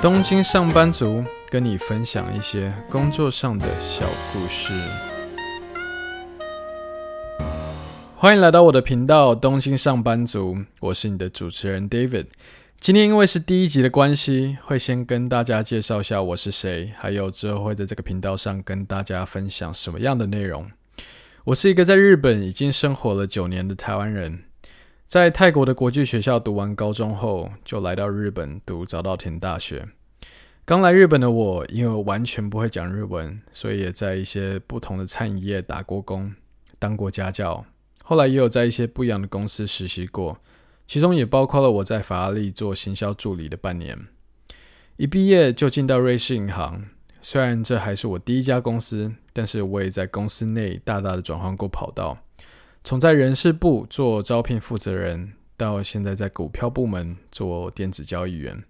東京上班族跟你分享一些工作上的小故事。歡迎來到我的頻道《東京上班族》，我是你的主持人 David。今天因為是第一集的關係，會先跟大家介紹一下我是誰，還有之後會在這個頻道上跟大家分享什麼樣的內容。我是一個在日本已經生活了九年的台灣人。在泰國的國際學校讀完高中後，就來到日本讀早稻田大學。剛來日本的我，因為完全不會講日文，所以也在一些不同的餐飲業打過工，當過家教。後來也有在一些不一樣的公司實習過，其中也包括了我在法拉利做行銷助理的半年。一畢業就進到瑞士銀行，雖然這還是我第一家公司，但是我也在公司內大大的轉換過跑道。從在人事部做招聘負責人，到現在在股票部門做電子交易員，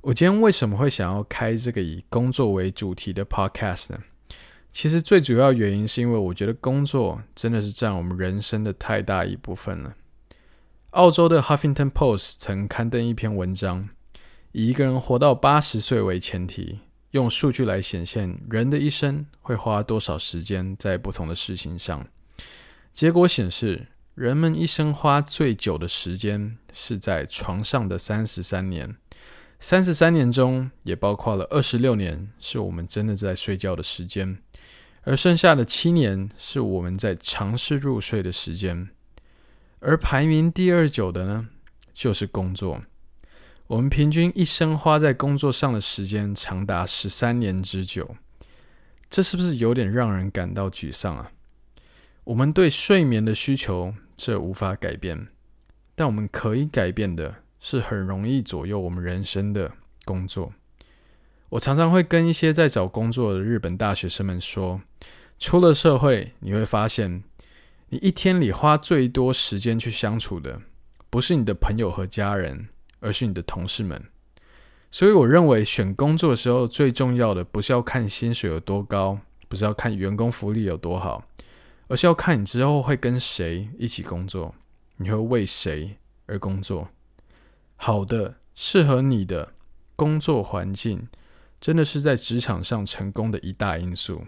我今天為什麼會想要開這個以工作為主題的 podcast 呢？其實最主要原因是因為我覺得工作真的是占我們人生的太大一部分了。澳洲的《Huffington Post》曾刊登一篇文章，以一個人活到八十歲為前提，用數據來顯現人的一生會花多少時間在不同的事情上。結果顯示，人們一生花最久的時間是在床上的三十三年，三十三年中也包括了二十六年是我們真的在睡覺的時間，而剩下的七年是我們在嘗試入睡的時間。而排名第二久的呢，就是工作。我們平均一生花在工作上的時間長達十三年之久，這是不是有點讓人感到沮喪啊？我們對睡眠的需求這無法改變，但我們可以改變的是很容易左右我們人生的工作。我常常會跟一些在找工作的日本大學生們說，出了社會，你會發現，你一天裡花最多時間去相處的，不是你的朋友和家人，而是你的同事們。所以，我認為選工作的時候，最重要的不是要看薪水有多高，不是要看員工福利有多好。而是要看你之後會跟誰一起工作，你會為誰而工作。好的、適合你的工作環境，真的是在職場上成功的一大因素。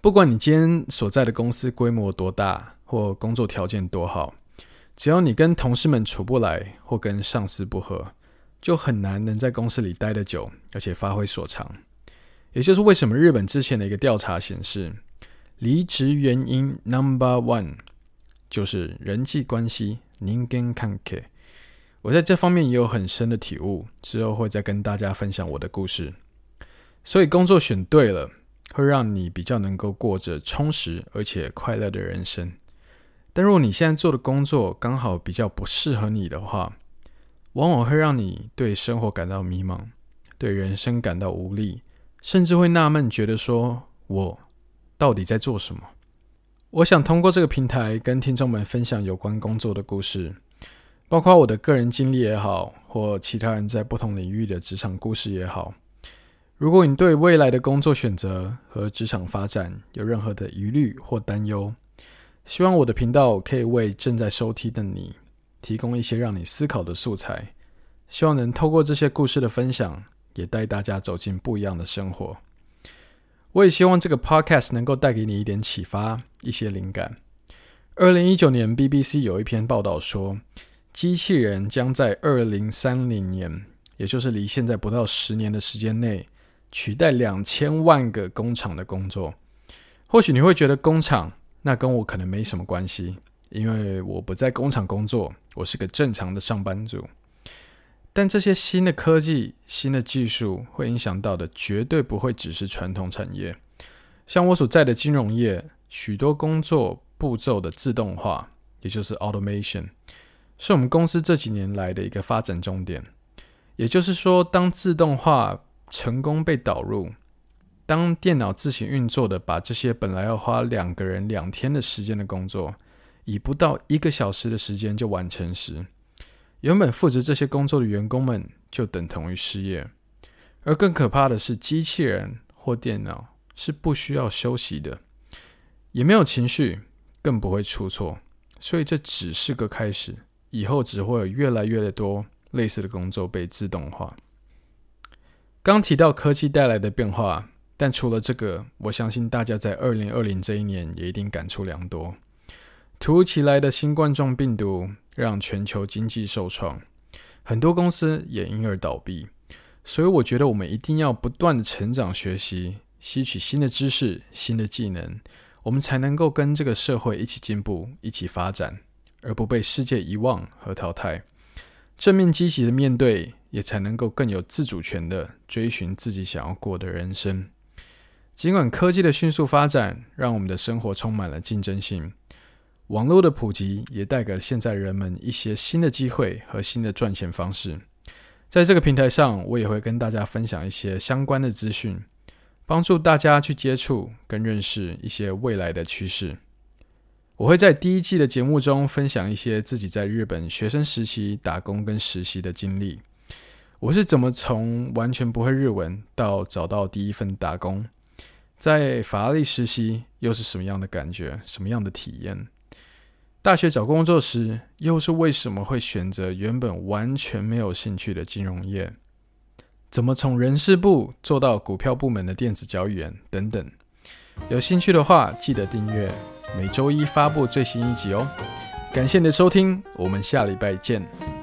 不管你今天所在的公司規模多大，或工作條件多好，只要你跟同事們處不來，或跟上司不和，就很難能在公司裡待得久，而且發揮所長。也就是為什麼日本之前的一個調查顯示，離職原因 Number One 就是人際關係，人間関係，我在這方面也有很深的體悟，之後會再跟大家分享我的故事。所以工作選對了，會讓你比較能夠過着充實而且快樂的人生。但如果你現在做的工作剛好比較不適合你的話，往往會讓你對生活感到迷茫，對人生感到無力，甚至會納悶，覺得說我到底在做什麼？我想通過這個平台跟聽眾們分享有關工作的故事，包括我的個人經歷也好，或其他人在不同領域的職場故事也好。如果你對未來的工作選擇和職場發展有任何的疑慮或擔憂，希望我的頻道可以為正在收聽的你提供一些讓你思考的素材。希望能透過這些故事的分享，也帶大家走進不一樣的生活。我也希望這個 podcast 能夠帶給你一點啟發，一些靈感。二零一九年 BBC 有一篇報道說，機器人將在二零三零年，也就是離現在不到十年的時間內，取代兩千萬個工廠的工作。或許你會覺得工廠，那跟我可能沒什麼關係，因為我不在工廠工作，我是個正常的上班族。但這些新的科技、新的技術，會影響到的絕對不會只是傳統產業。像我所在的金融業，許多工作步驟的自動化，也就是 automation，是我們公司這幾年來的一個發展重點。也就是說，當自動化成功被導入，當電腦自行運作的把這些本來要花兩個人兩天的時間的工作，以不到一個小時的時間就完成時，原本負責這些工作的員工們就等同於失業，而更可怕的是，機器人或電腦是不需要休息的，也沒有情緒，更不會出錯。所以這只是個開始，以後只會有越來越的多類似的工作被自動化。剛提到科技帶來的變化，但除了這個，我相信大家在二零二零這一年也一定感觸良多。突如其來的新冠狀病毒。讓全球經濟受創，很多公司也因而倒閉。所以，我覺得我們一定要不斷的成長、學習，吸取新的知識、新的技能，我們才能夠跟這個社會一起進步、一起發展，而不被世界遺忘和淘汰。正面積極的面對，也才能夠更有自主權的追尋自己想要過的人生。儘管科技的迅速發展，讓我們的生活充滿了競爭性。網絡的普及也帶給現在人們一些新的機會和新的賺錢方式。在這個平台上，我也會跟大家分享一些相關的資訊，幫助大家去接觸跟認識一些未來的趨勢。我會在第一季的節目中分享一些自己在日本學生時期打工跟實習的經歷。我是怎麼從完全不會日文到找到第一份打工，在法拉利實習又是什麼樣的感覺，什麼樣的體驗？大學找工作時，又是為什麼會選擇原本完全沒有興趣的金融業？怎麼從人事部做到股票部門的電子交易員等等？有興趣的話，記得訂閱，每周一發布最新一集哦。感謝你的收聽，我們下禮拜見。